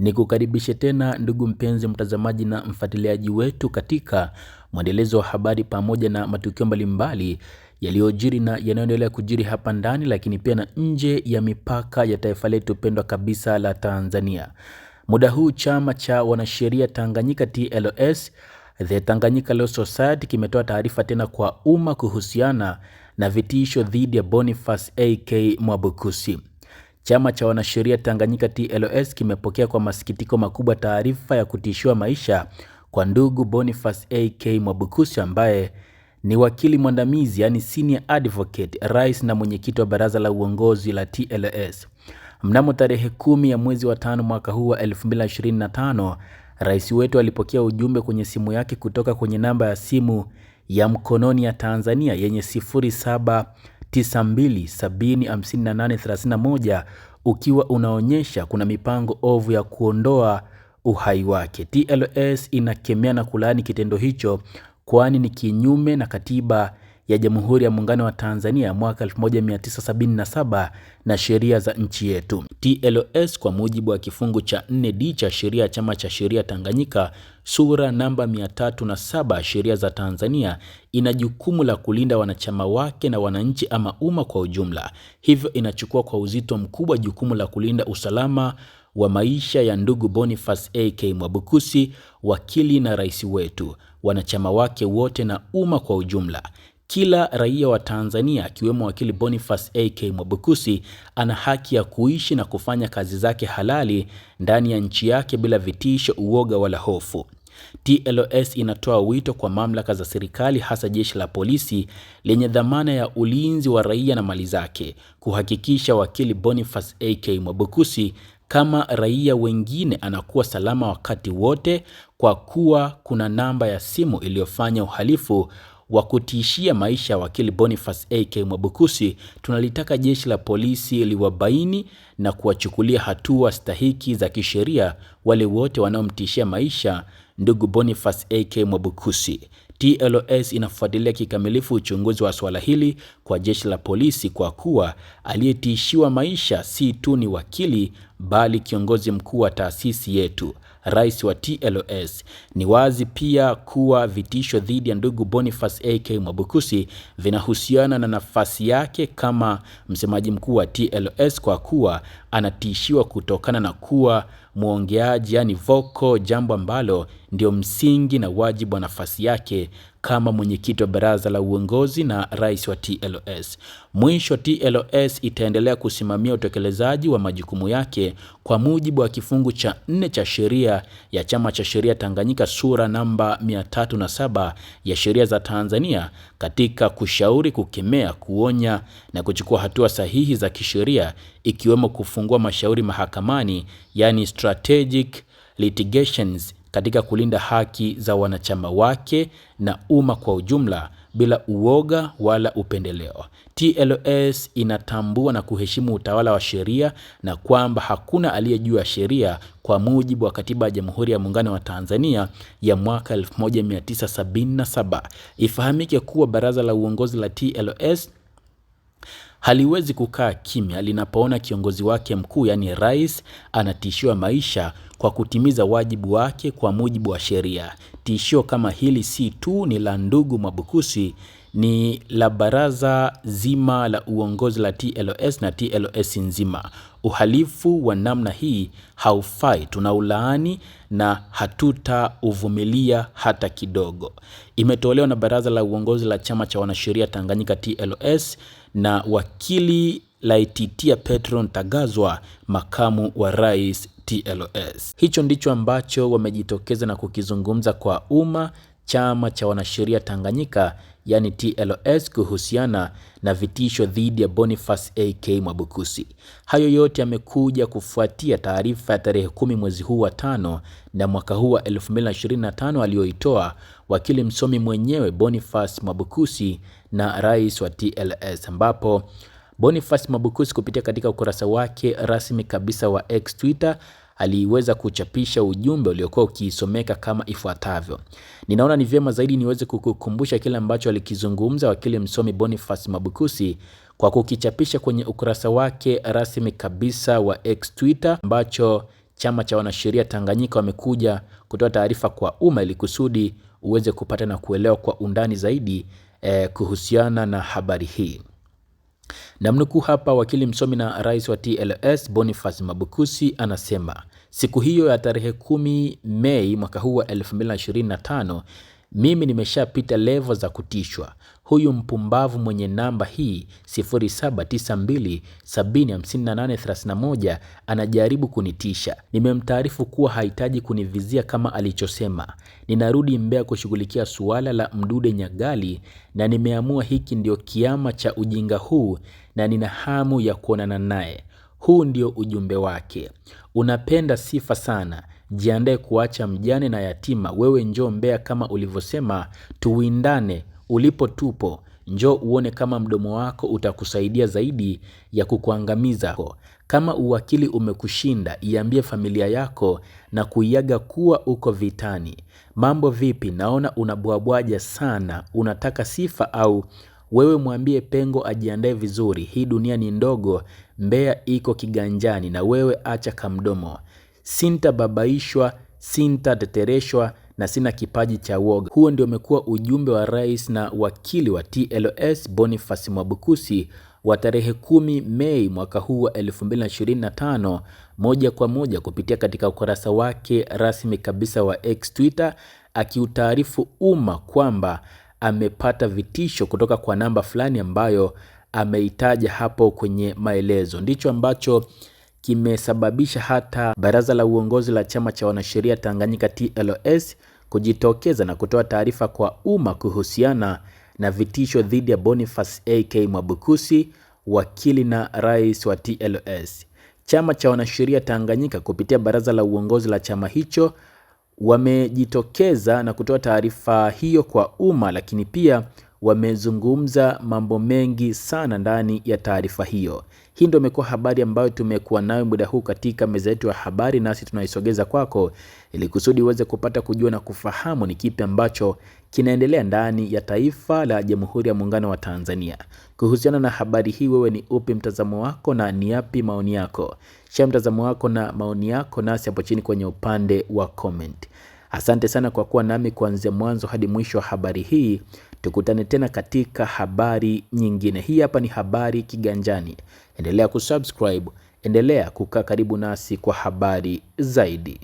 Nikukaribishe tena ndugu mpenzi mtazamaji na mfuatiliaji wetu katika mwendelezo wa habari pamoja na matukio mbalimbali yaliyojiri na yanayoendelea kujiri hapa ndani lakini pia na nje ya mipaka ya taifa letu pendwa kabisa la Tanzania. Muda huu chama cha wanasheria Tanganyika TLS, The Tanganyika Law Society kimetoa taarifa tena kwa umma kuhusiana na vitisho dhidi ya Boniface AK Mwabukusi. Chama cha wanasheria Tanganyika TLS kimepokea kwa masikitiko makubwa taarifa ya kutishiwa maisha kwa ndugu Boniface AK Mwabukusi ambaye ni wakili mwandamizi yani senior advocate, rais na mwenyekiti wa baraza la uongozi la TLS. Mnamo tarehe kumi ya mwezi wa tano mwaka huu wa 2025, rais wetu alipokea ujumbe kwenye simu yake kutoka kwenye namba ya simu ya mkononi ya Tanzania yenye saba 92705831 ukiwa unaonyesha kuna mipango ovu ya kuondoa uhai wake. TLS inakemea na kulaani kitendo hicho kwani ni kinyume na katiba ya Jamhuri ya Muungano wa Tanzania mwaka 1977 na sheria za nchi yetu. TLS kwa mujibu wa kifungu cha 4D cha sheria ya Chama cha Sheria Tanganyika sura namba 307 sheria za Tanzania ina jukumu la kulinda wanachama wake na wananchi ama umma kwa ujumla. Hivyo inachukua kwa uzito mkubwa jukumu la kulinda usalama wa maisha ya ndugu Boniface AK Mwabukusi, wakili na rais wetu, wanachama wake wote na umma kwa ujumla. Kila raia wa Tanzania akiwemo wakili Boniface AK Mwabukusi ana haki ya kuishi na kufanya kazi zake halali ndani ya nchi yake bila vitisho, uoga wala hofu. TLS inatoa wito kwa mamlaka za serikali hasa jeshi la polisi lenye dhamana ya ulinzi wa raia na mali zake kuhakikisha wakili Boniface AK Mwabukusi kama raia wengine anakuwa salama wakati wote, kwa kuwa kuna namba ya simu iliyofanya uhalifu wa kutishia maisha ya wakili Boniface AK Mwabukusi, tunalitaka jeshi la polisi liwabaini na kuwachukulia hatua stahiki za kisheria wale wote wanaomtishia maisha ndugu Boniface AK Mwabukusi. TLS inafuatilia kikamilifu uchunguzi wa swala hili kwa jeshi la polisi, kwa kuwa aliyetishiwa maisha si tu ni wakili bali kiongozi mkuu wa taasisi yetu, rais wa TLS. Ni wazi pia kuwa vitisho dhidi ya ndugu Boniface AK Mwabukusi vinahusiana na nafasi yake kama msemaji mkuu wa TLS kwa kuwa anatishiwa kutokana na kuwa mwongeaji, yani voko, jambo ambalo ndio msingi na wajibu wa nafasi yake kama mwenyekiti wa baraza la uongozi na rais wa TLS. Mwisho, TLS itaendelea kusimamia utekelezaji wa majukumu yake kwa mujibu wa kifungu cha nne cha sheria ya Chama cha Sheria Tanganyika sura namba 307 ya sheria za Tanzania katika kushauri, kukemea, kuonya na kuchukua hatua sahihi za kisheria ikiwemo kufungua mashauri mahakamani, yani strategic litigations katika kulinda haki za wanachama wake na umma kwa ujumla bila uoga wala upendeleo. TLS inatambua na kuheshimu utawala wa sheria na kwamba hakuna aliye juu ya sheria kwa mujibu wa Katiba ya Jamhuri ya Muungano wa Tanzania ya mwaka 1977. Ifahamike kuwa baraza la uongozi la TLS haliwezi kukaa kimya linapoona kiongozi wake mkuu, yaani rais, anatishiwa maisha kwa kutimiza wajibu wake kwa mujibu wa sheria. Tishio kama hili si tu ni la ndugu Mwabukusi, ni la baraza zima la uongozi la TLS na TLS nzima. Uhalifu wa namna hii haufai, tunaulaani na hatutauvumilia hata kidogo. Imetolewa na baraza la uongozi la chama cha wanasheria Tanganyika TLS na wakili Laetitia Petro Ntagazwa, makamu wa rais TLS. Hicho ndicho ambacho wamejitokeza na kukizungumza kwa umma chama cha wanasheria Tanganyika yani TLS kuhusiana na vitisho dhidi ya Boniface AK Mwabukusi. Hayo yote yamekuja kufuatia taarifa ya tarehe kumi mwezi huu wa tano na mwaka huu wa 2025 aliyoitoa wakili msomi mwenyewe Boniface Mwabukusi na rais wa TLS ambapo Boniface Mwabukusi kupitia katika ukurasa wake rasmi kabisa wa X Twitter aliweza kuchapisha ujumbe uliokuwa ukiisomeka kama ifuatavyo. Ninaona ni vyema zaidi niweze kukukumbusha kile ambacho alikizungumza wakili msomi Boniface Mabukusi kwa kukichapisha kwenye ukurasa wake rasmi kabisa wa X Twitter ambacho chama cha wanasheria Tanganyika wamekuja kutoa taarifa kwa umma ili kusudi uweze kupata na kuelewa kwa undani zaidi eh, kuhusiana na habari hii. Namnukuu hapa wakili msomi na rais wa TLS Boniface Mabukusi anasema siku hiyo ya tarehe 10 Mei mwaka huu wa 2025 mimi nimeshapita levo za kutishwa. Huyu mpumbavu mwenye namba hii 0792705831 anajaribu kunitisha. Nimemtaarifu kuwa hahitaji kunivizia kama alichosema. Ninarudi Mbeya kushughulikia suala la Mdude Nyagali na nimeamua hiki ndio kiama cha ujinga huu na nina hamu ya kuonana naye. Huu ndio ujumbe wake. Unapenda sifa sana. Jiandae kuacha mjane na yatima, wewe njoo Mbeya kama ulivyosema, tuwindane, ulipo tupo, njoo uone kama mdomo wako utakusaidia zaidi ya kukuangamiza. Kama uwakili umekushinda, iambie familia yako na kuiaga kuwa uko vitani. Mambo vipi? Naona unabwabwaja sana, unataka sifa au wewe mwambie Pengo ajiandae vizuri. Hii dunia ni ndogo, Mbeya iko kiganjani, na wewe acha kamdomo sintababaishwa, sintatetereshwa na sina kipaji cha uoga. Huo ndio umekuwa ujumbe wa rais na wakili wa TLS Boniface Mwabukusi wa tarehe 10 Mei mwaka huu wa 2025 moja kwa moja kupitia katika ukurasa wake rasmi kabisa wa X Twitter, akiutaarifu umma kwamba amepata vitisho kutoka kwa namba fulani ambayo ameitaja hapo kwenye maelezo. Ndicho ambacho kimesababisha hata baraza la uongozi la chama cha wanasheria Tanganyika TLS kujitokeza na kutoa taarifa kwa umma kuhusiana na vitisho dhidi ya Boniface AK Mwabukusi, wakili na rais wa TLS. Chama cha wanasheria Tanganyika kupitia baraza la uongozi la chama hicho wamejitokeza na kutoa taarifa hiyo kwa umma, lakini pia wamezungumza mambo mengi sana ndani ya taarifa hiyo. Hii ndio imekuwa habari ambayo tumekuwa nayo muda huu katika meza yetu ya habari, nasi tunaisogeza kwako ili kusudi uweze kupata kujua na kufahamu ni kipi ambacho kinaendelea ndani ya taifa la Jamhuri ya Muungano wa Tanzania. Kuhusiana na habari hii, wewe ni upi mtazamo wako na ni yapi maoni yako? Share mtazamo wako na maoni yako nasi hapo chini kwenye upande wa comment. Asante sana kwa kuwa nami kuanzia mwanzo hadi mwisho wa habari hii. Tukutane tena katika habari nyingine. Hii hapa ni habari Kiganjani. Endelea kusubscribe, endelea kukaa karibu nasi kwa habari zaidi.